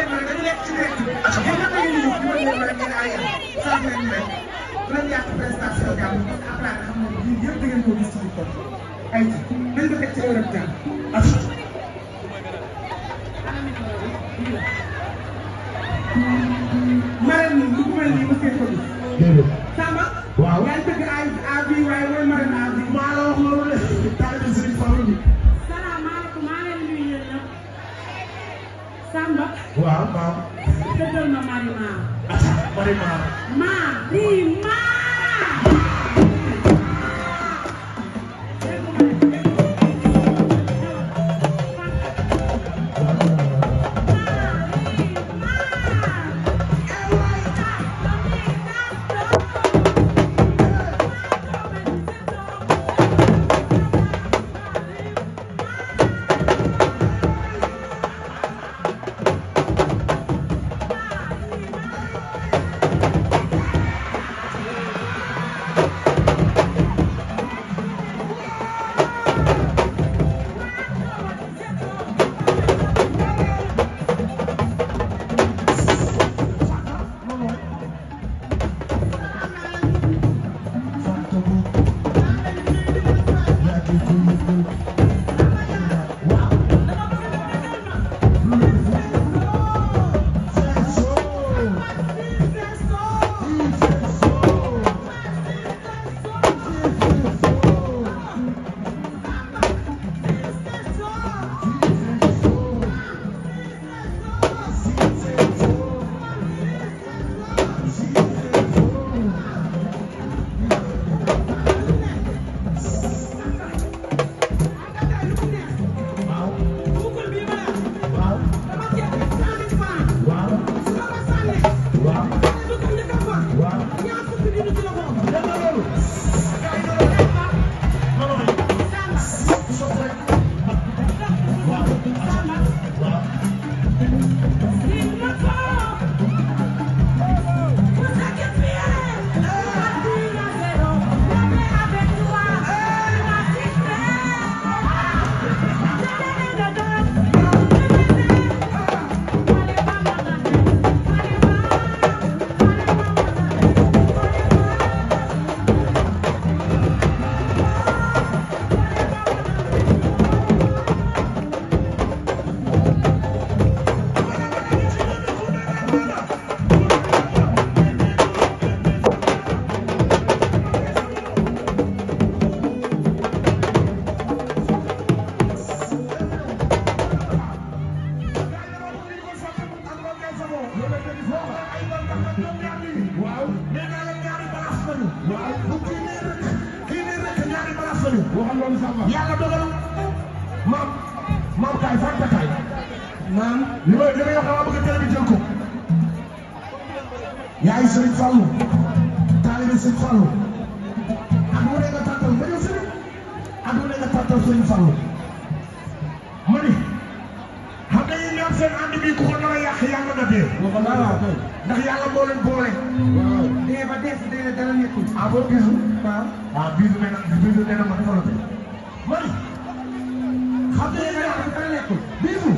leen mooy dañu nekk ci direct bi. ak xam nga yéen ñëpp ñu ngi ñu rek ngeen ay am sant leen rek. bu leen yàq prestation jàmm parce que après xam nga ñun yëpp da ngeen ko gis ci biir kër. ay ci nañu ko teg ci Europe jàmm ak. maanaam ñun du ko mel nii mos ngeen ko gis. waaw maam. dëggal ma mari maam. maam. maam lii maam. yaay Sëriñ Fallu taalibe Sëriñ Fallu at mu ne nga tàttal ba ñëw sëriñ ne nga tàttal Sëriñ Fallu ma ni xam nga yéen ñaar seen ànd bi ku ko nar a yàq yàlla na dee ndax yàlla moo leen boole dee ba def dee dara nekkul ah boo bisu waaw ah, bisu nee na bisu nee na ma defal la ma ni xam nga yéen ñaar dara